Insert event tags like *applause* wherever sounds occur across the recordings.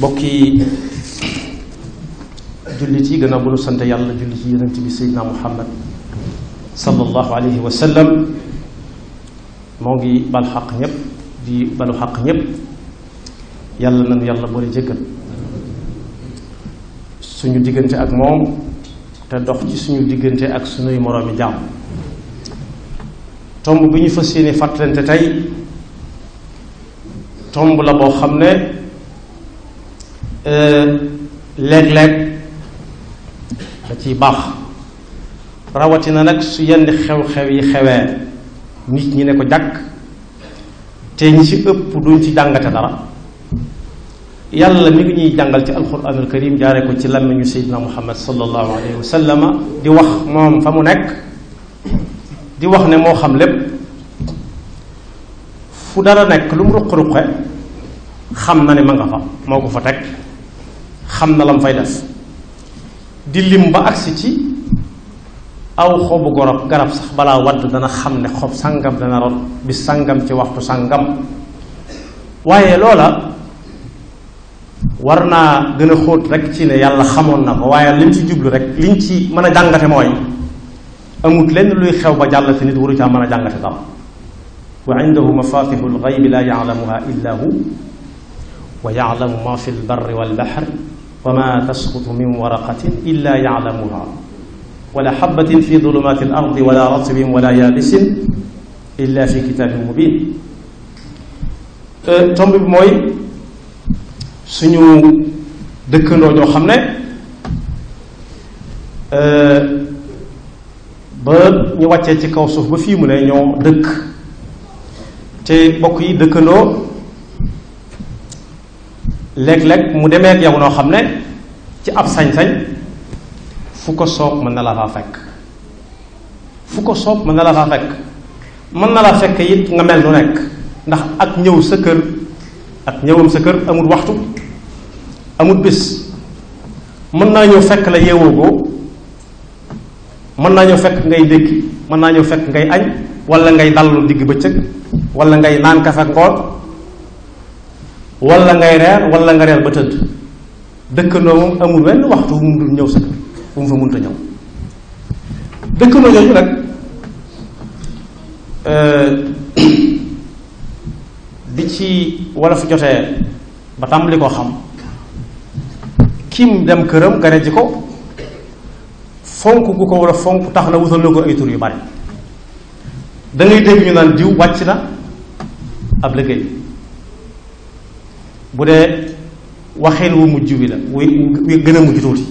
bokki jullit yi gannaaw bu nu sant yàlla julli ci yonent bi seydina muhammad sallallahu alayhi wa sallam moo ngi bal xaq ñépp di balu xaq ñépp yàlla nanu yàlla boole jëggal suñu diggante ak moom te dox ci suñu diggante ak suñuy moroomi jàmm tomb bi ñu fas yéene fàttalante tey tomb la boo xam ne Euh, léeg-léeg da ciy baax rawatina nag su yenn xew-xew yi xewee nit ñi ne ko jàkk te ñi ci ëpp duñ ci jàngate dara yàlla mi ngi ñuy jàngal ci alquranul karim jaare ko ci làmmiñu seydina muhammad sallallahu alayhi wa sallama di wax moom fa mu nekk di wax ne moo xam lépp fu dara nekk lu mu ruq-ruqe xam na ne ma nga fa moo ko fa teg xam na lam fay def di lim ba agsi ci aw xobu gorob garab sax balaa wadd dana xam ne xob sàngam dana rot bi sàngam ci waxtu sàngam waaye loola war naa gën a xóot rek ci ne yàlla xamoon na ko waaye liñ ci jublu rek liñ ci mën a jàngate mooy amut lenn luy xew ba jàll te nit waru caa mën a jàngate dara wa indahu mafatihu lgaybi la yalamuha illa hu wa yalamu ma fi lbarri walbaxri wa ma tasqutu min waraqatin illa yalamuha wala xabatin fi dulumaati al ardi wala ratbin wala yaabisin illa fi kitaabin mubin tomb bi mooy suñu dëkkandoo ñoo xam ne eh, ba ñu wàccee ci kaw suuf ba fii mu ne ñoo dëkk te bokk yi dëkkandoo léeg-léeg mu demee ak yow noo xam ne ci ab sañ-sañ fu ko soob mën na la faa fekk fu ko soob mën na la faa fekk mën na laa fekk it nga mel nu nekk ndax ak ñëw sa kër ak ñëwam sa kër amul waxtu amul bis mën naa ñëw fekk la yeewoo ko mën naa ñëw fekk ngay dékki mën naa ñëw fekk ngay añ walla ngay dallu digg bëccëg wala ngay naan kafe ngoon wala ngay reer walla nga reer ba tëdd dëkkandoo moom amul benn waxtu mu dul ñëw sa kër bu mu fa mënta ñëw dëkkandoo yooyu nag euh, *coughs* di ci wala fu jotee ba tàmbali koo xam kiim dem këram gane ji ko fonk gu ko war a fonk tax na wutal na ko ay yu bari da ngay dégg ñu naan diw wàcc na ab liggéey bu dee waxin wu mujj wi la wu wi gën a mujj tuuti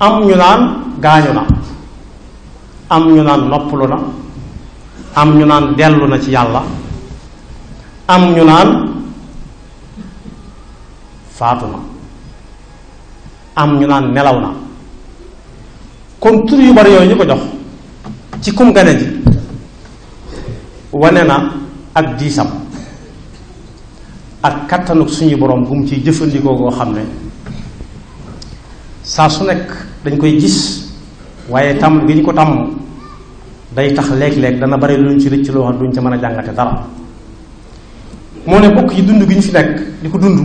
am ñu naan gaañu na am ñu naan noppalu na am ñu naan dellu na ci yàlla am ñu naan faatu na am ñu naan nelaw na kon tur yu bari yooyu ñu ko jox ci kum gane ji wane na ak diisam ak kattanuk suñu borom bu mu ciy jëfandikoo koo xam ne saa su nekk dañ koy gis waaye tàmm gi ñu ko tàmm day tax léeg-léeg dana bari luñ ci rëcc loo xam duñ ca mën a jàngate dara moo ne bokk yi dund gi ñu fi nekk di ko dund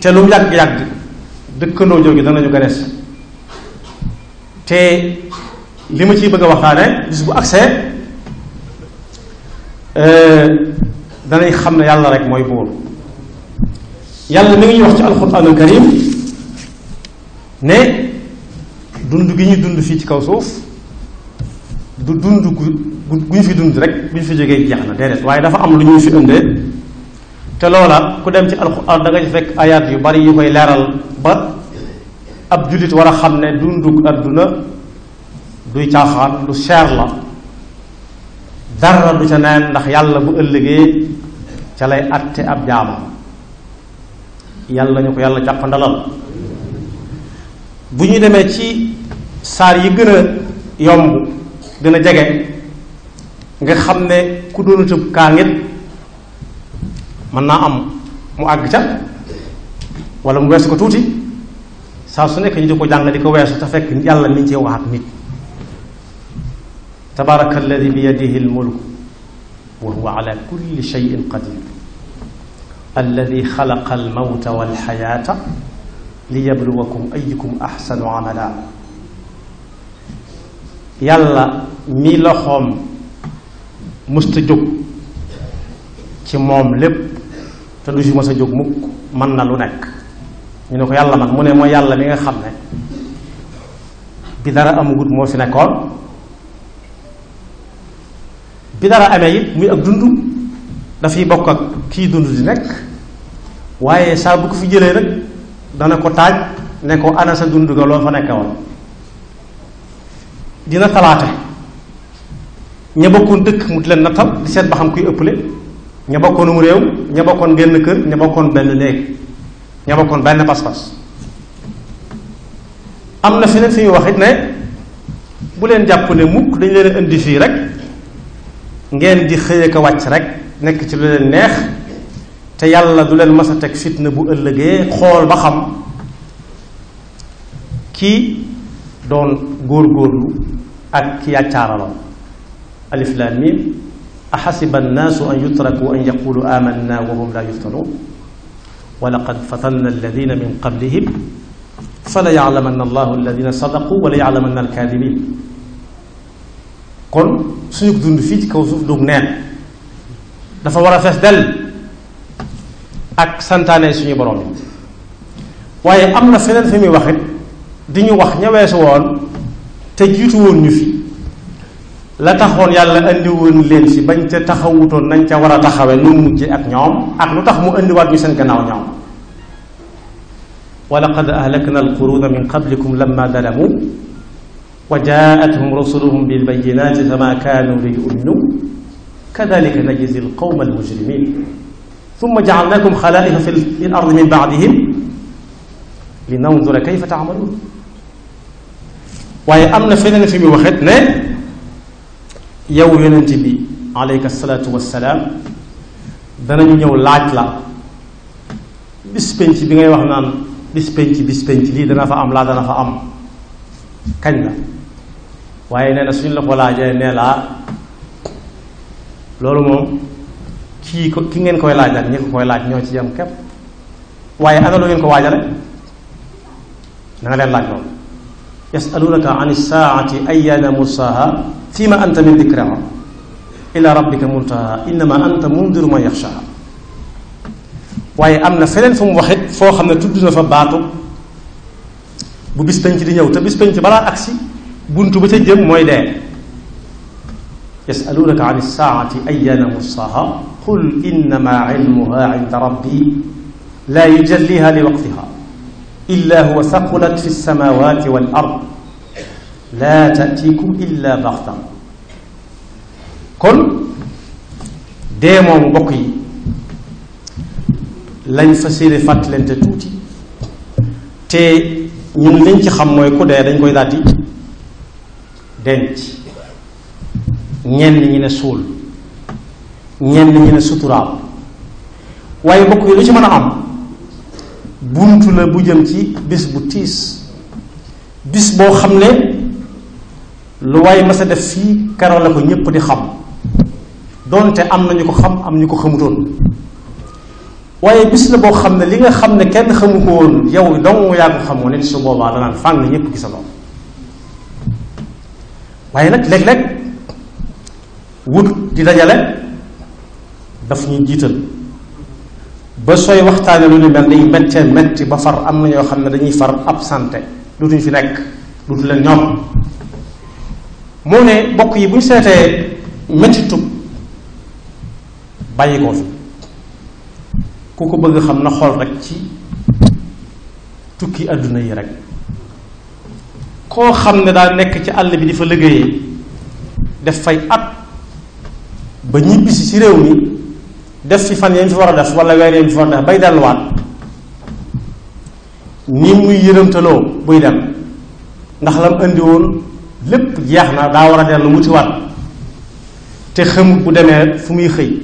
te lu mu yàgg-yàgg dëkkandoo jóge danañu ganes te li ma ciy bëgg a waxtaane bis bu accès danañ xam ne yàlla rek mooy buur yàlla mi ngi wax ci alxuraanul karim ne dund gi ñu dund fii ci kaw suuf du dund gu gu ñu fi dund rek bu ñu fi jógee jeex na déedéet waaye dafa am lu ñu fi indee te loola ku dem ci alxuraan da nga ci fekk ayaat yu bari yu koy leeral ba ab jullit war a xam ne dund adduna duy caaxaan lu seer la dara du ca neen ndax yàlla bu ëllëgee ca lay atte ab jaamam yàlla ñu ko yàlla jàpp ndalal bu ñu demee ci saar yi gën a yomb dina jege nga xam ne ku doonatub kaa ngit mën naa am mu àgg ca wala mu weesu ko tuuti saa su nekk ñu di ko jàng di ko weesu te fekk yàlla mi ngi cee wax ak nit tabaraka alladi bi yadihi almulk wa huwa ala kulli shay'in qadir alladi xalaqa almawta li liyabluwakum ayukum axsanu amala yàlla mi loxoom musta jóg ci moom lépp te du si mës jóg mukk mën na lu nekk ñu ne ko yàlla man mu ne mooy yàlla mi nga xam ne bi dara amagut moo fi nekkoon bi dara amee it muy ak dund dafay bokk ak kii dund di nekk waaye saa bu ko fi jëlee nag dana ko taaj ne ko ana sa dund ga loo fa nekkewoon dina talaate ña dëkk mu di leen nattal di seet ba xam kuy ëpple ña bokkoonum réew ña bokkoon genn kër ña bokkoon benn néeg ña bokkoon benn pas-pas am na fi nag suñu wax it ne bu leen jàpp ne mukk dañu leen indi fii rek ngeen di xëye ko wàcc rek nekk ci lu leen neex te yàlla du leen mas a teg fitna bu ëllëgee xool ba xam ki doon góorgóorlu ak ki yàccaaraloon alif laam miim axasiba annaasu an yutraku an yaqulu amanna wa hum la yuftanuun wa laqad fatanna alladina min qablihim fala yaalamanna allahu alladina sadaqu wala yaalamanna alkaadibiin kon suñu dund fii ci kaw suuf dug neen dafa war a fees dell ak santaane suñu borom waaye am na feneen fi muy waxit di ñu wax ña weesu woon te jiitu woon ñu fi la taxoon yàlla indi woon leen si bañ ca taxawutoon nañ ca war a taxawe nu mujje ak ñoom ak lu tax mu indiwaat ñu seen gannaaw ñoom wa laqad ahlakna alquruuna min qablikum lamma zalamu wa jaa'athum rusuluhum bilbayinaati fa ma kaanu liyuminu kadalika najzi alqawma almujrimin summa jacalnakum xalaa'ifa fi lardi min baadihim linandura kayfa taamaluun waaye am na feneen fi mu waxet ne yow yonent bi aleyka salaatu wassalaam danañu ñëw laaj la bis penc bi ngay wax naan bis penc bis penc lii dana fa am laa dana fa am kañ la waaye nee na suñu la ko laajee nee laa loolu moom kii ko ki ngeen koy laaj ak ñi ko laaj ñoo ci yem képp waaye ana lu ngeen ko waajale na nga leen laaj loolu yasalunaka an ay ayana mursaha fi ma anta min dikraha ila rabbika muntaha innama anta mundiru man yaxshaha waaye am na feneen fu mu waxit foo xam ne tudd na fa baatu bu bis di ñëw te bis penc balaa agsi bunt ba ca jëm mooy dee yasaluunaka an ilsaati ayana mursaha qul innama ilmuha inda rabbi laa yujalliha li waqtiha illa huwa saqulat fi lsamawati wal ard laa tatikum illa baxta kon dee moomu mbokk yi lañ fa séeré fàttalente tuuti te ñun liñ ci xam mooy ku dee dañ koy daati denc ñenn ñi ne suul ñenn ñi ne suturaal waaye bokk yi lu ci mën a am buntu la bu jëm ci bis bu tiis bis boo xam ne lu waaye masa def fii keroog la ko ñépp di xam doonte am na ñu ko xam am ñu ko xamutoon waaye bis la boo xam ne li nga xam ne kenn xamu ko woon yow dong yaa ko xamoo ne su boobaa danaan fàng ñépp gisaloon waaye nag léeg-léeg wut di dajale daf ñuy jiital ba sooy waxtaane lu ni mel day méttee métti ba far am na ñoo xam ne dañuy far absenté dutuñ fi nekk dutu leen ñoom moo ne bokk yi bu ñu seetee méttitu bàyyi ko fi ku ko bëgg xam na xool rek ci tukki àdduna yi rek koo xam ne daa nekk ci àll bi di fa liggéeyee def fay at ba ñibbisi ci réew mi def fi fan yañ fi war a def wala weer yañ fi war a def bay delluwaat ni muy yërëmtaloo buy dem ndax lam indi woon lépp jeex na daa war a dellu mu ci waat te xëm bu demee fu muy xëy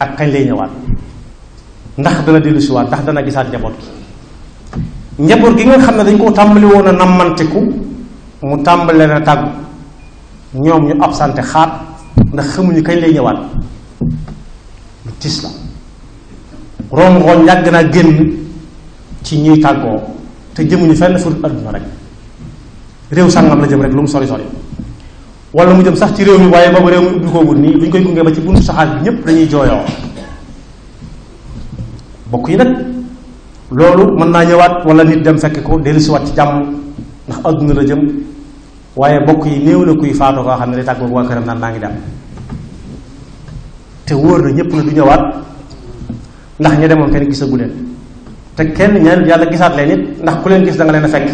ak kañ lay ñëwaat ndax dana dellu si waat ndax dana gisaat njaboot gi njaboot gi nga xam ne dañ koo tàmbali woon a nammantiku mu tàmbali leen a tàggu ñoom ñu absente xaat ndax xamuñu kañ lay ñëwaat lu tis la rongoñ yàgg naa génn ci ñuy tàggoo te jëmuñu fenn fu adduna rek réew sàngam la jëm rek lu mu sori sori wala mu jëm sax ci réew mi waaye boobu réew mi ko koogul nii bu ñu koy gunge ba ci buntu saxaar bi ñépp dañuy jooyoo bokk yi nag loolu mën naa ñëwaat wala nit dem fekk ko dellusiwaat ci jàmm ndax adduna la jëm waaye bokk yi néew na kuy faatoo koo xam ne day tàggoog waa këram naan naa ngi dem te wóor na ñëpp na du ñëwaat ndax ñu demoon kenn gisagu leen te kenn ñaan yàlla gisaat leen ndax ku leen gis danga leen a fekk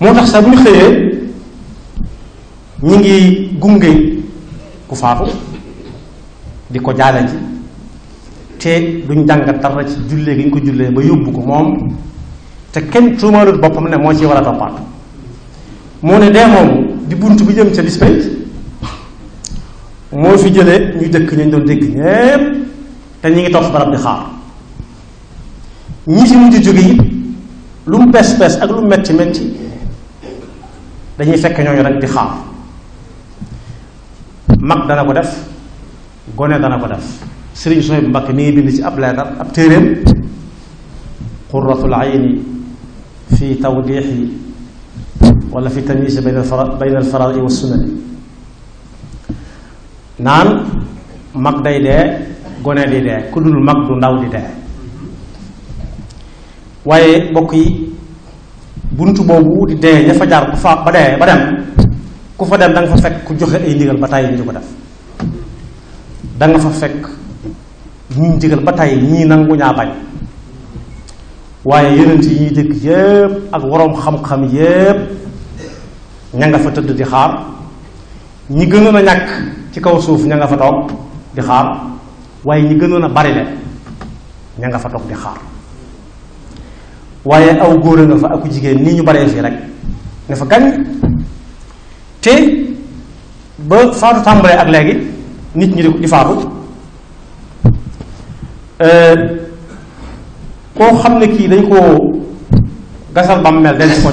moo tax sax bu ñu xëyee ñi ngi gunge ku faatu di ko jaale ji te duñ jàngat dara ci jullee gi ñu ko jullee ba yóbbu ko moom te kenn tuumaalut boppam ne moo ci war a toppaat moo ne dee moom di bunt bi jëm ca dispense moo fi jëlee ñu dëkk ñu doon dëkk ñépp te ñu ngi toog fi barab di xaar ñi fi mujj jóge yi lu mu pes pes ak lu metti metti dañuy fekk ñooñu rek di xaar mag dana ko def gone dana ko def sëriñ Suhaybu mbakk mi ngi bind ci ab leetar ab téeréem qurratul ayni fi tawdiixi wala fi tamyiisi bayna al faraidi wa sunnani naan mag day dee gone di dee ku dul mag du ndaw di dee waaye bokk yi buntu boobu di dee ña fa jaar ku fa ba dee ba dem ku fa dem da fa fekk ku joxe ay ndigal ba tàyyi ñu ko def da fa fekk ñi ba tàyyi ñii nangu ñaa bañ waaye yonent yi ñuy dëkk yépp ak woroom xam-xam yépp ña nga fa tëdd di xaar ñi gënoon a ñàkk ci kaw suuf ña nga fa toog di xaar waaye ñi gënoon a bari le ña nga fa toog di xaar waaye aw góor fa aku jigéen nii ñu baree fii rek ne fa gañ te ba faatu tàmbalee ak léegi nit ñi di di faatu euh, koo xam ne kii dañ koo gasal bam mel denc ko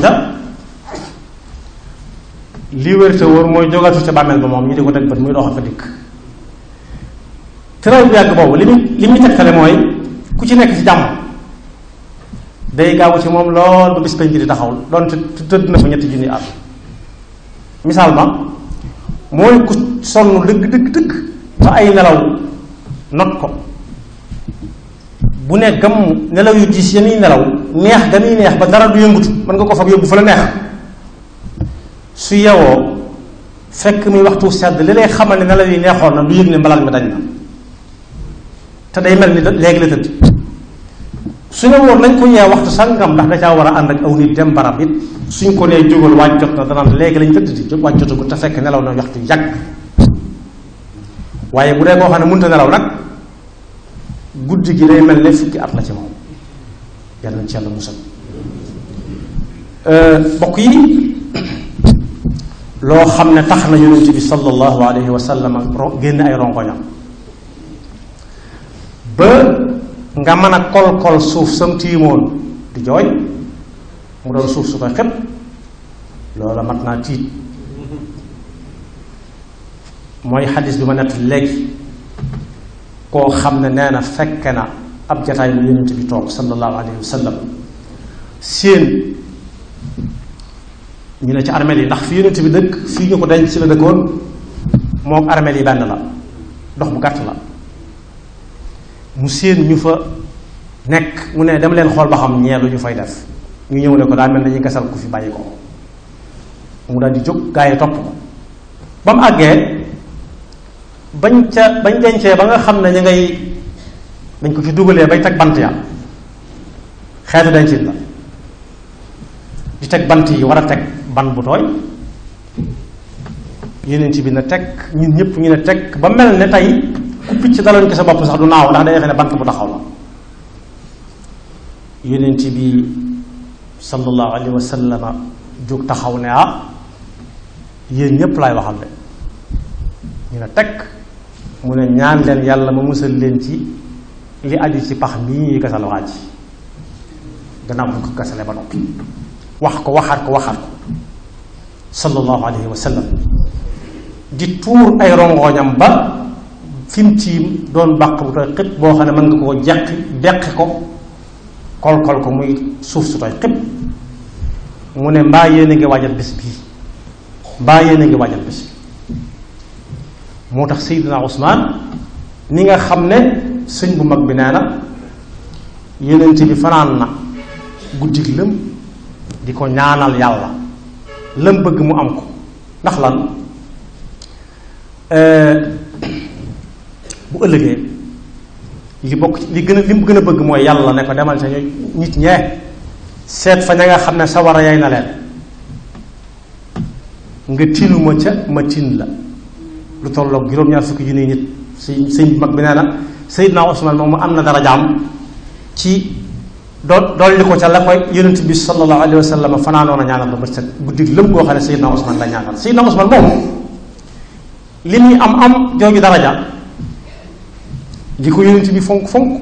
lii wér te wóor mooy jógatu ca bàmmeel ba moom ñu di ko teg bët muy a fa dikk tëraay bu yàgg boobu li mu li muy tegtale mooy ku ci nekk ci jàmm day gaawu ci moom lool ba bis penc di taxaw donte tëdd na fa ñetti junni at misaal ba mooy ku sonn dëgg dëgg dëgg ba ay nelaw not ko bu ne gam nelaw yu diis yanuy nelaw neex ganuy neex ba dara du yëngutu mën nga ko fab yóbbu fa la neex su yewoo fekk muy waxtu sedd li lay xamal ne na yi neexoon na du yëg ne mbalaat mi dañ na te day mel ni léegi la tëdd su ne nañ ko yee waxtu sàngam ndax da caa war a ànd ak aw nit dem barab it suñ ko nee jógal waaj jot na danaan léegi lañ tëdd di waaj ko te fekk nelaw na waxtu yàgg waaye bu dee koo xam ne mënta nelaw nag guddi gi day mel ne fukki at la ci moom yàlla na ci yàlla musal euh, yi loo xam ne tax na yonent bi sallallahu alayhi wa sallam génn ay rongoñam ba nga mën a kol-kol suuf sam tiimoon di jooy mu doon suuf su ko xëpp loola mat naa tiit mooy xadis bi ma nett léegi koo xam ne nee na fekke na ab jataay bu yonent bi toog sallallahu alayhi wa sallam ñu ne ci armeel yi ndax fi yonent bi dëkk fii ñu ko denc ci la dëkkoon moom armeel yi benn la dox bu gàtt la mu seen ñu fa nekk mu ne dem leen xool ba xam ñeer lu ñu fay def ñu ñëw ne ko daa mel dañuy gasal ko fi bàyyi ko mu daal di jóg gaa yi topp ko ba mu àggee bañ ca bañ dencee ba nga xam ne ñu ngay dañ ko fi dugalee bay teg bant ya xeetu dencin la di teg bant yi war a teg ban bu tooy yeneen bi na tekk ñun ñëpp ñu ne tekk ba mel ne tey ku picc daloon ko sa bopp sax du naaw ndax day defee ne bant bu taxaw la yeneen bi sallallahu alayhi wa taxaw ne ah ñëpp laay waxal de ñu ne tekk mu ne ñaan leen yàlla ma musal leen ci li aju ci pax mii ñuy gasal waa ji gannaaw bu ko gasalee ba noppi wax ko waxaat ko waxaat ko sallallahu alayhi wa sallam di tuur ay rongoñam ba fim mu ci doon bàq bu tooy xëpp boo xam ne man nga koo jeqi deqi ko kol ko muy suuf su tooy xëpp mu ne mbaa yéen ngi waajal bés bii mbaa yéen a bi moo tax Seydina Ousmane ni nga xam ne sëñ bu mag bi nee na yenente bi fanaan na guddig lëm di ko ñaanal yàlla lam bëgg mu am ko ndax lan euh, bu ëllëgee li bokk li gën a li mu gën a bëgg mooy yàlla ne ko demal sa nit ñee seet fa ña nga xam ne sawara yay na leen nga tinuma ca ma tin la lu tolloog juróom-ñaar fukki junniy nit sëñ sëñ mag bi nee na Seydina Usmaan moom mu am na dara jaam ci do dolli ko ca la koy yonent bi sallallahu alayhi wa a ñaanal la ba set guddi lëm goo xam ne Seydina Ousmane la ñaanal na Ousmane moom li muy am am jooju daraja li ko yonent bi fonk fonk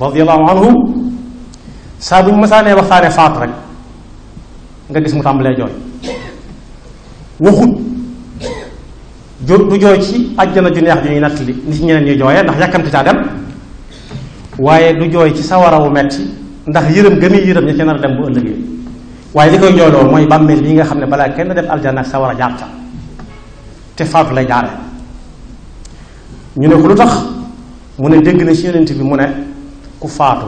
radiyallahu anhu saa bu ñu masaanee waxtaanee faatu rek nga gis mu tàmbalee jooy waxut jo du jooy ci àjjana ju neex ju ñuy natt li nit ñeneen jooyee ndax yàkkamti caa dem waaye du jooy ci sawara wu metti ndax yërëm gëmi yërëm ña ca nar a dem bu ëllëgee waaye li koy jooyloo mooy bàmmeel yi nga xam ne balaa kenn dem aljana ak sawara jaar ca te faatu lay jaare ñu ne ko lu tax mu ne dégg na ci yonent bi mu ne ku faatu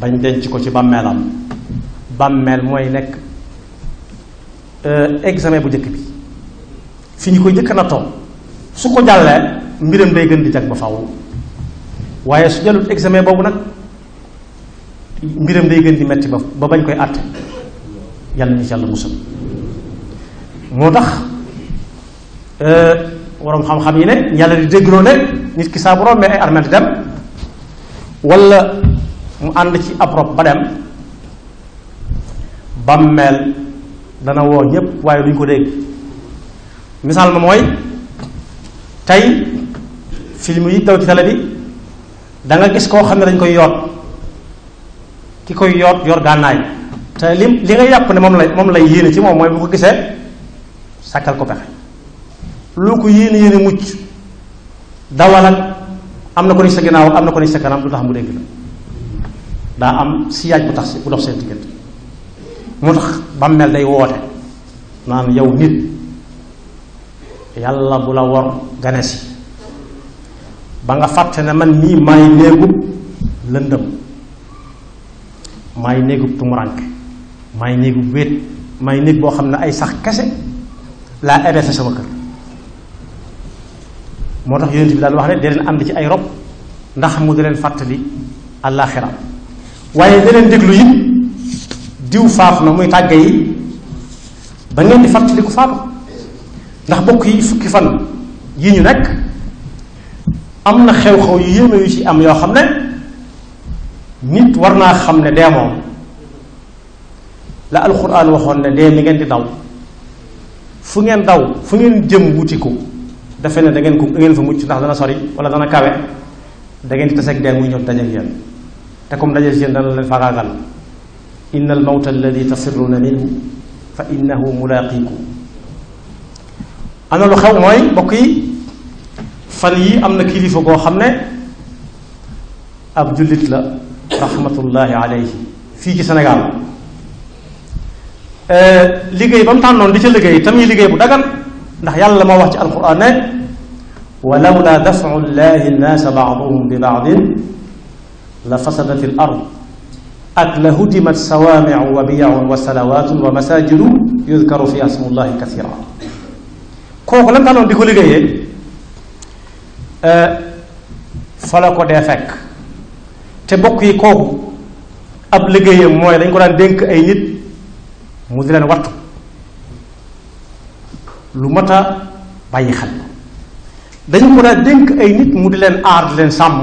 bañ denc ko ci bàmmeelam bàmmeel mooy nekk euh, examen bu jëkk bi fi ñu koy njëkk na su ko jàllee mbiram day gën di jag ba faw waaye su jëlul examen boobu nag mbiram day gën di metti ba ba bañ koy àtte yàlla ni ci yàlla musal moo tax waroom euh, xam yi ne yàlla di déggloo ki saa bu rombee ay armeel di dem ci ab rob ba dem bàmmeel ko dégg mooy tey film yi daw ci télé bi da gis koo xam ne dañ koy yoot ki koy yoot yor gànnaay te li li nga yàpp ne moom la moom lay yéene ci moom mooy bu ko gisee sàkkal ko pexe lu ko yéene yéene mucc dawal am na ko ni sa ginnaaw am na ko ni sa kanam du tax mu dégg la daa am siyaaj bu tax si bu dox seen diggante mu day woote naan yow nit yàlla bu la wor gane si ba nga fàtte ne man mii maay néegub lëndëm maay néegub tumurank maay néegub wéet maay néeg boo xam ne ay sax kese laa érefé sama kër moo tax yonent bi daan wax ne di leen ànd ci ay rob ndax mu di leen fàttali àllaaxira waaye di leen déglu it diw faatu na muy tàgge yi ba ngeen di fàttaliku faatu ndax bokk yi fukki fan yi ñu nekk am na xew-xew yu yéeme yu ci am yoo xam ne nit war naa xam ne dee moom la alxuraan waxoon ne dee mi ngeen di daw fu ngeen daw fu ngeen jëm wuti ko defe ne da ngeen ko da ngeen fa mucc ndax dana sori wala dana kawe dangeen ngeen di taseeg dee muy ñëw dajeeg yéen te comme dajeeg yéen dana leen faagaagal inna al mawta alladi tasirruuna minhu fa innahu mulaaqiikum ana lu xew mooy mbokk yi fan yi am na kilifa goo xam ne ab jullit la rahmatullahi alayhi fii ci Sénégal euh, liggéey ba mu tànnoon di ca liggéey tam yi liggéey bu dagan ndax yàlla moo wax ci alquran ne walaw la dafau llahi nnaasa baaduhum bi baadin la fasadat il ard ak la hudimat sawaamiu wa biyau wa salawatun wa masajidu yudkaru fiha smullahi kathira kooku lam tànnoon di ko liggéeyee Euh, fa la ko dee fekk te bokk yi kooku ab liggéeyam mooy dañ ko daan dénk ay nit mu di leen wattu lu mat a bàyyi xel dañ ko daan dénk ay nit mu di leen aar di leen sàmm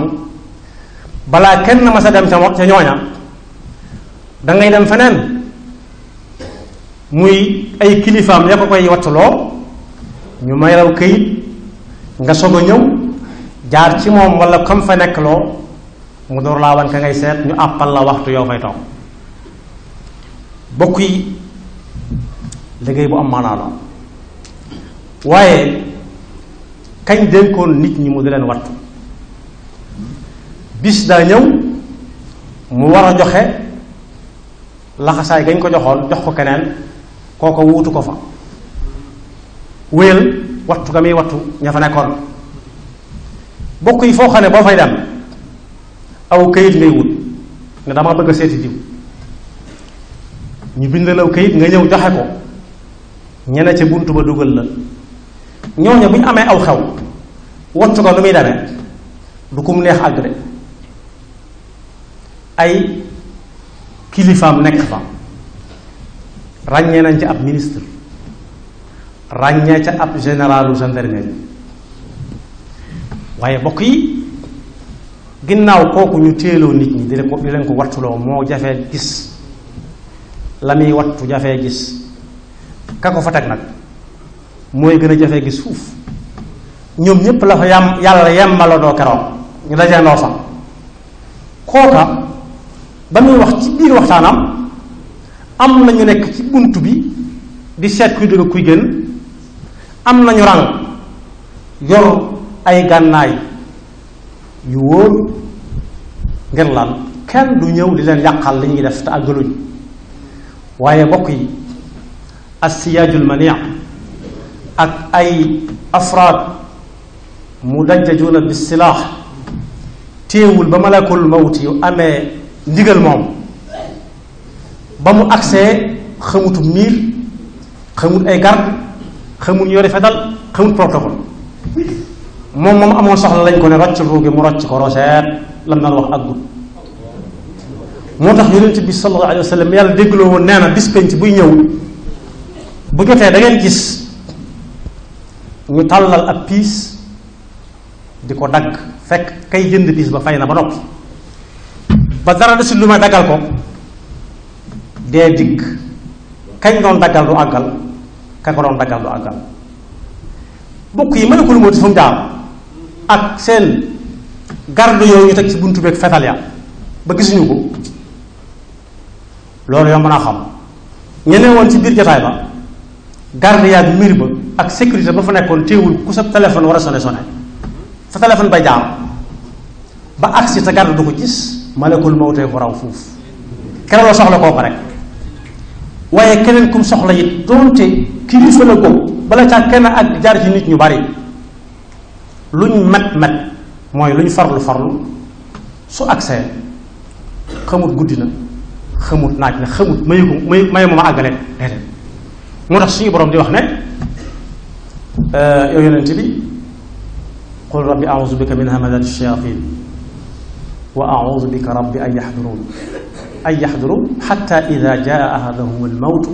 balaa kenn ma sa dem sa ca ñooña da dem feneen muy ay kilifaam ya ko koy wattuloo ñu may raw këyit nga soog ñëw jaar ci moom wala kam fa nekk loo mu door laa wan ka ngay seet ñu àppal la waxtu yow fay toog bokk yi liggéey bu am maanaa waaye kañ dénkoon nit ñi mu di wattu bis daa ñëw mu war a joxe laxasaay gañ ko joxoon jox ko keneen kooko wuutu ko fa wéyal wattu ga muy wattu ña fa nekkoon bokk yi foo xam ne boo fay dem aw këyit ngay wut ne damaa bëgg seeti diw ñu bind la aw kayit nga ñëw joxe ko ñene ca bunt ba dugal la ñooñu bu ñu amee aw xew wattu ko lu muy demee du kum neex àgg de ay kilifaam nekk fa ràññee nañ ca ab ministre ràññee ca ab généralu gendarmerie waaye bokk yi ginnaaw kooku ñu téeloo nit ñi di leen ko di leen ko wattuloo moo jafee gis la muy wattu jafee gis ka ko fa nag mooy gën a jafee gis fuuf ñoom ñépp la fa yam yàlla yemmaloo doo keroog ñu dajeendoo fa kooka ba muy wax ci biir waxtaanam am na ñu nekk ci bunt bi di seet kuy dugg kuy génn am na ñu ràng yor ay gànnaay yu wóor ngir lan kenn du ñëw li leen yàqal li ñuy def te àggaluñ waaye mbokk yi assiyaajul mania ak ay afraad mu dajjajuuna bi silaax téewul ba malakul mawti yu amee ndigal moom ba mu agsee xamutu miir xamut ay garde xamut yore fetal xamut protocole moom moom amoon soxla lañ ko ne rocc ruugi mu rocc ko roseet lam na la wax àggut moo tax yonent bi sallallahu alayhi wa sallam yàlla déggloo woon nee na bis penc buy ñëw bu jotee da gis ñu tàllal ab piis di ko dagg fekk kay jënd piis ba fay na ba noppi ba dara desul lu may daggal ko dee dikk kañ doon daggal du àggal ka ko doon daggal du àggal bokk yi mën lu moo di fa ak seen garde yooyu ñu teg ci buntu beeg fetal ya ba gisuñu ko loolu yoo mën a xam ñeneen woon ci biir jotaay ba garde yaa bi miir ba ak sécurité ba fa nekkoon téewul ku sa téléphone war a sonné sonné sa téléphone ba jaar ba agsi te garde du ko gis malakul mawtee ko raw fuuf keraloo soxla kooku rek waaye keneen kum soxla it donte kilifa la ko bala caa kenn ak jaar ci nit ñu bari luñ mat mat mooy luñ farlu farlu su agsee xamut guddi na xamut naaj na xamut mayu ko mayu mayu ma ma àggale déedéet moo tax suñu borom di wax ne euh, yow yonent bi qul rabbi auzu bika min hamazati shayatin wa auzu bika rabbi an yaxduruun an yaxduruun xatta ida jaa ahadahum almawtu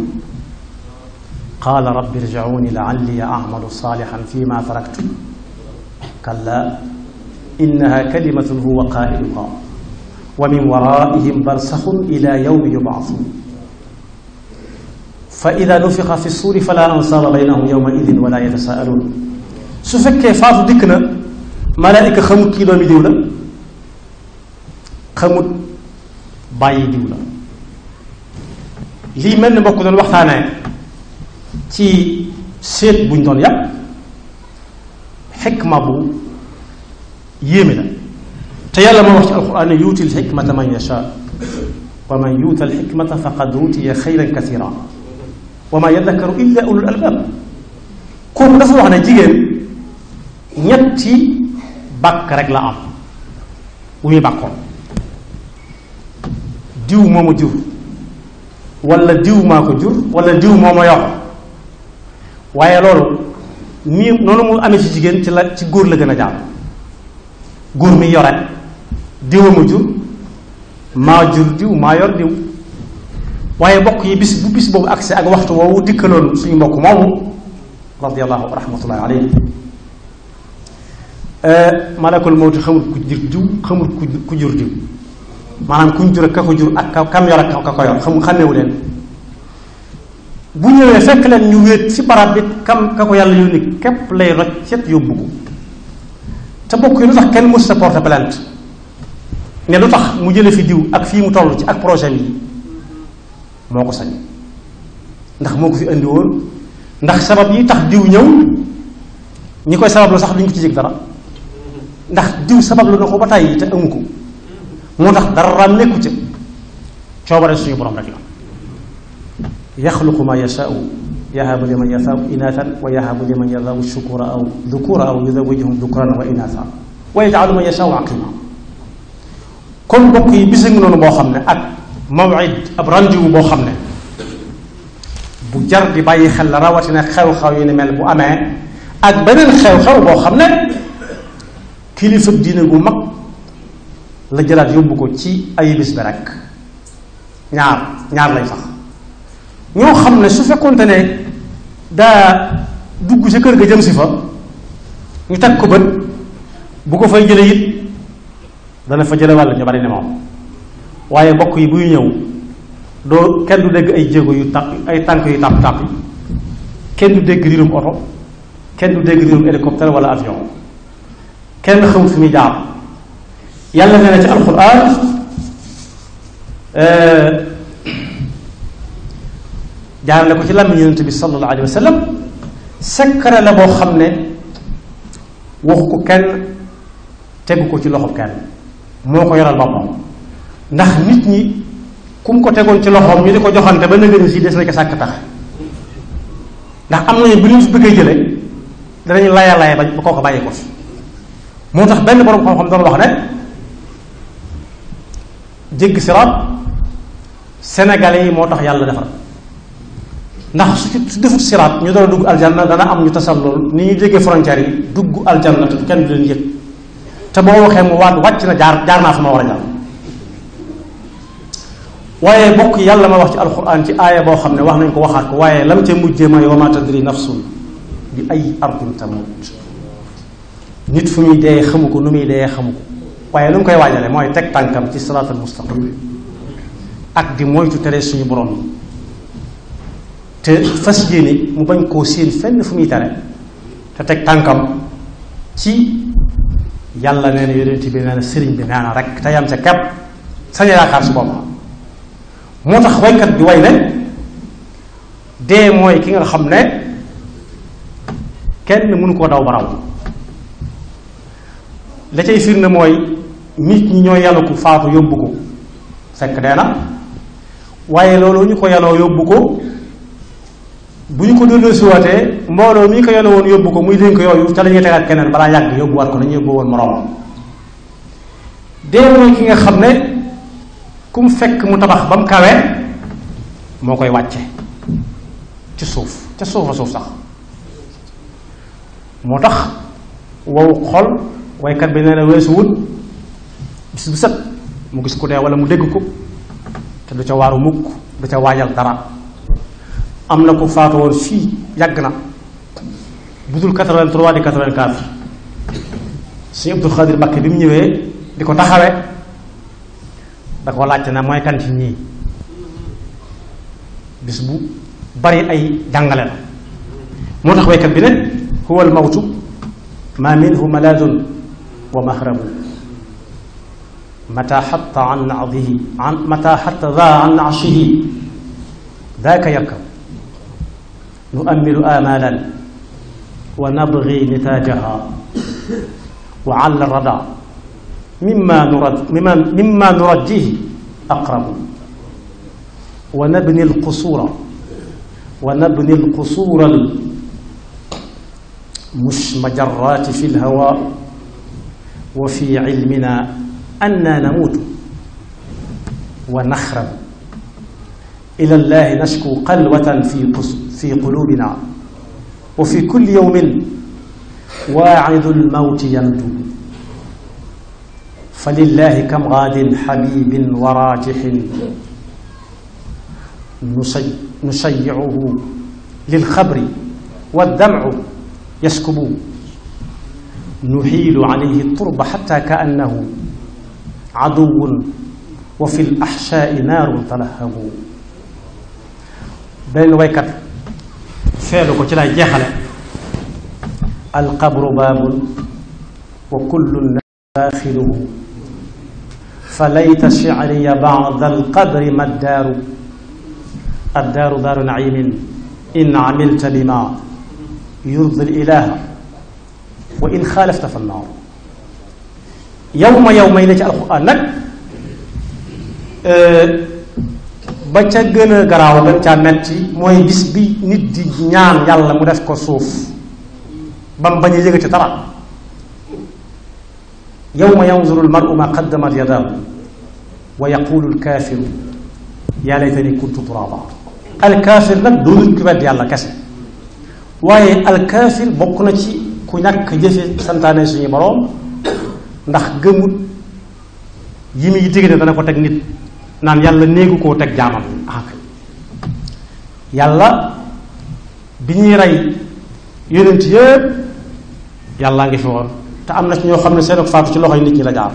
qaala rabbi irjicuuni laalli amalu saalixan fi ma taraktu kalla innaha kalimatun huwa qaa'iluha wa min waraihim barsaxun ila yawmi yub'athuun fa ida nufixa fi suuri fala ansaaba baynahum yawma idin wala yatasaaluun su fekkee faatu dikk na malaayika xamut kii doomi diw la xamut bàyyi diw la lii mel ni mbokk doon waxtaanee ci seet buñ doon yàpp xikma bu yéeme la te yàlla moo wax ci alquran ne yuuti al xikmata man yasha wa man yuuta al xikmata faqad uutiya xayran kasira wa ma yadakaru illa ulul albab kooku dafa wax ne jigéen ñetti bàkk rek la am wu muy bàkkoon diw moo ma jur wala diw maa ko jur wala diw moo ma yor waaye loolu nii noonu mu amee ci jigéen ci la ci góor la gën a jàll góor mi yore diwa ma jur maa jur diw maa yor diw waaye mbokk yi bis bu bis boobu agsi ak waxtu woowu dikkaloon suñu mbokk moomu radiyallahu rahmatullahi alayhi euh, malakul mawti xamul ku jur diw xamul ku jur diw maanaam kuñ jur ak ka ko jur ak kam yor ak ka ko yor xam xamewu leen bu ñëwee fekk leen ñu wéet ci barab bi kam ka ko yàlla yónni képp lay roj set yóbbu ko te bokk yi lu tax kenn mës sa porte plainte ne lu tax mu jële fi diw ak fii mu toll ci ak projet yi moo ko sañ ndax moo ko fi indi woon ndax sabab yi tax diw ñëw ñi koy sabab lu sax duñ ko ci jëg dara ndax diw sabab lu na ko ba tàyyi te amu ko moo tax dara nekku ca coobare suñu borom rek la yaxluqu ma yashaau yahabu liman yashaau inaatan wa yahabu liman yashaau shukura aw dukura aw yuzawijuhum dukuran wa inaatan wa yajcalu man yashaau aqima kon mbokk yi bis ngi noonu boo xam ne ak mawid ab rendez-vous boo xam ne bu jar di bàyyi xel la rawatina xew-xew yi ni mel bu amee ak beneen xew-xew boo xam ne kilifa diine gu mag la jëlaat yóbbu ko ci ay bis bi rek ñaar ñaar lay sax ñoo xam ne su fekkonte ne daa dugg ci kër ga jëm fa ñu teg ko bët bu ko fay jële it dana fa jële wàll ñu bari ne moom waaye mbokk yi buy ñëw doo kenn du dégg ay jéego yu tàpp ay tànk yu tàpp tàpp kenn du dégg riirum oto kenn du dégg riirum hélicoptère wala avion kenn xamut fi muy jaar yàlla nee na ci alxuraan euh, jaarale ko ci làmmiñ yonent bi sallallahu alayhi wa sallam secret la boo xam ne waxu ko kenn tegu ko ci loxob kenn moo ko yoral boppam ndax nit ñi ku ko tegoon ci loxoom ñu di ko joxante ba nëgëriñ si des na ko sàkk tax ndax am nañu bu ñu bëggee jële danañu laya laya ba kooku bàyyi ko fi moo tax benn borom xam-xam doon wax ne jéggi siraat sénégalais yi moo tax yàlla defar ndax su ci su defut siraat ñu door a dugg aljanna dana am ñu tasal loolu ni ñu jege frontière yi dugg aljanna te kenn du leen yëg te boo waxee mu waat wàcc na jaar jaar naa fa ma war a jaar waaye bokk yàlla ma wax ci alquran ci aaya boo xam ne wax nañ ko waxaat ko waaye lam ca mujjee mooy wa ma tadri nafsun bi ay ardin tamut nit fu muy dee xamu ko nu muy dee xamu ko waaye lu mu koy waajale mooy teg tànkam ci siraatal mustaqim ak di moytu tere suñu borom te fas yéene mu bañ koo séen fenn fu muy tare te teg tànkam ci yàlla nee na bi nee sëriñ bi nee na rek te yam sa kepp sañ yaakaar su boppam moo tax waykat bi way ne dee mooy ki nga xam ne kenn mënu koo daw baraw la cay firnde mooy nit ñi ñoo yàlla ko faatu yóbbu ko fekk dee na waaye loolu ñu ko yàlla yóbbu ko bu ñu ko doon siwaatee mbooloo mi ko yone woon yóbbu ko muy dénk yooyu ca la ñuy tegaat keneen balaa yàgg yóbbuwaat ko dañu yóbbu woon moroomam dee mooy ki nga xam ne ku mu fekk mu tabax ba mu kawee moo koy wàcce ci suuf ca suufa suuf sax moo tax wow xol waykat bi nee na weesu wut bis bu set mu gis ku dee wala mu dégg ko te du ca waaru mukk du ca waajal dara am na ko faatu woon fii yàgg na budul 83 di 84 sëñ Abdul Xaadir Mbàkke bi mu ñëwee di ko taxawee da ko laajte na mooy kan ci ñii bis bu bari ay jàngale la moo tax waykat bi ne huwa al mawtu ma minhu malaadun wa mahramun mata xatta an adihi an mata xatta daa an ashihi daaka yarkab nu amilu amaalan wa nabgi nitaajaha wa alla rada mimma nurad mimma nurajjihi aqrabu wa nabni alqusuura wa nabni alqusuura almushmajaraati fi lhawa wa fi cilmina annaa namuutu wa naxrab ila llahi nashku qalwatan fi qus fi qulubina wa fi kulli yawmin waacidu lmawti yantubu fa lillahi kam gaadin xabibin wa raajixin nusayyicuhu lilxabri waddamcu yaskubu nuxiilu calayhi turba xata kaannahu caduwun wa fi laxshaai naarun talahabu benn waykat feelu ko ci lay jeexale alqabru baabun wa kullun daaxiluhu fa layta shi'riya ba'da alqabri ma ddaaru addaaru daaru naimin in amilta bima yurdi lilaha wa in xaalafta fa nnaar yawma yawmay la ci alquran nag ba ca gën a garaaw gën caa metti mooy bis bi nit di ñaan yàlla mu def ko suuf bam mu bañ a ca dara yawma yanzuru almaru ma qaddamat yadaahu yàlla kese waaye alkaafir bokk na ci ku ñàkk jëfe santaane suñu boroom ndax gëmut yi muy digg dana ko teg nit naan yàlla néegu koo teg jaamam ah, yàlla bi ñuy rey yonent yépp yàllaa ngi fi woon te am na ci ñoo xam ne seen faatu ci loxoy nit ñi la jaar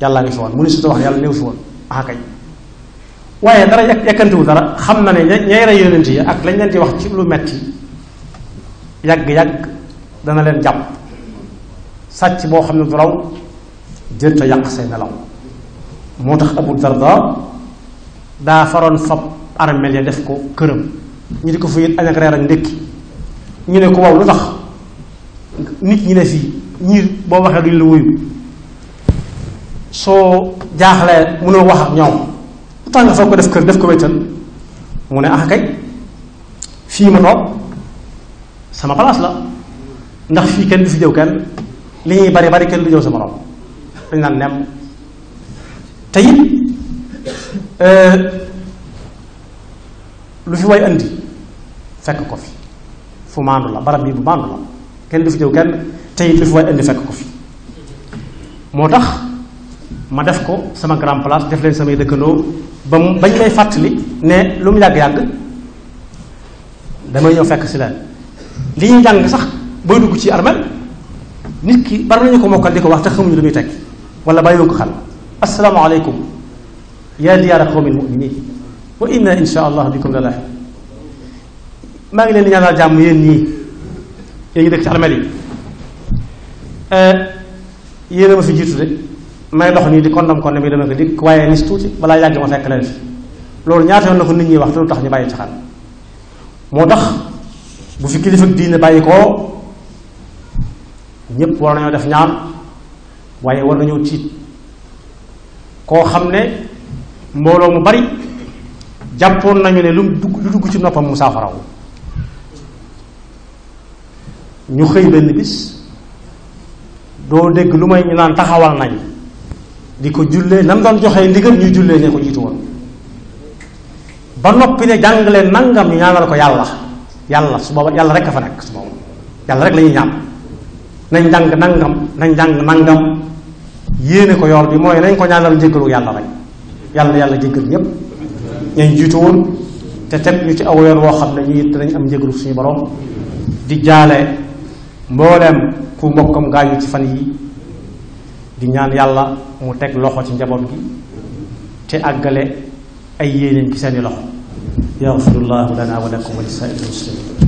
yàllaa ngi fi woon mu ni su wax yàlla néew fi woon ah kay waaye dara yekkantiwul dara xam na ne ñay rey yonent yi ak lañ leen di wax ci lu metti yàgg-yàgg dana leen jàpp sàcc boo xam ne du raw jënta yàq say nelaw moo tax Abu Darda daa faroon fab armeel ya def ko këram ñu di ko fa yët añ ak reer ak ndékki ñu ne ko waaw lu tax nit ñi ne fii ñii boo waxee duñ la wuyu soo jaaxlee mënoo wax ak ñoom lu tax nga fa ko def kër def ko wétal mu ne ah kay fii ma toog sama place la ndax fii kenn du fi jëw kenn li ñuy bari bari kenn du jëw sama morom dañ naan nemm te euh, it lu fi way andi fekk ko fi fu maandu la barab bii bu maandu la kenn du fi jëw kenn te it lu fi way andi fekk ko fi moo tax ma def ko sama grand place def leen samay dëkkandoo ba mu bañ koy fàttali ne lu mu yàgg-yàgg damay ñëw fekk si leen li ñuy jàng sax booy dugg ci armel nit ki bari nañu ko mokkal di ko wax te xamuñu lu muy teg wala bàyyiwoon ko asalaamaaleykum yaa diyaara xawmil muminin wa inna insha allah bikum la laaxiq maa ngi leen di ñaanal jàmm yéen ñii yéen ñi dëkk ci armeel yi eh, yéen a ma fi jiitu de may dox nii di kondam kondam yi dama ko dikk waaye nis tuuti balaa yàgg ma fekk leen fi loolu ñaata yoon na ko nit ñi wax te lu tax ñu bàyyi ci xel moo tax bu fi kilifa diine bàyyi koo ñépp war nañoo def ñaan waaye war nañoo tiit koo xam ne mbooloo mu bari jàppoon nañu ne lu dugg lu dugg ci noppam mu saafaraw ñu xëy benn bis doo dégg lu may naan taxawal nañ di ko jullee nam doon joxee ndigal ñu jullee ne ko jiitu woon ba noppi ne jàng leen nangam ñu ñaanal ko yàlla yàlla su booba yàlla rek a fa nekk su yàlla rek la ñuy nañ jàng nangam nañ jàng nangam yéene ko yool bi mooy nañ ko ñaanal jéggalu yàlla rek yàlla yàlla jéggal ñépp ñañ jiitu woon te teg ñu ci aw woo xam ne ñu it danañ am njéggalu suñu borom di jaale mbooleem ku mbokkam gaañu ci fan yi di ñaan yàlla mu teg loxo ci njaboot bi te àggale ay yéeneem ci seeni loxo yaxfirullahu lana wa lakum wa lisaa'iril muslimin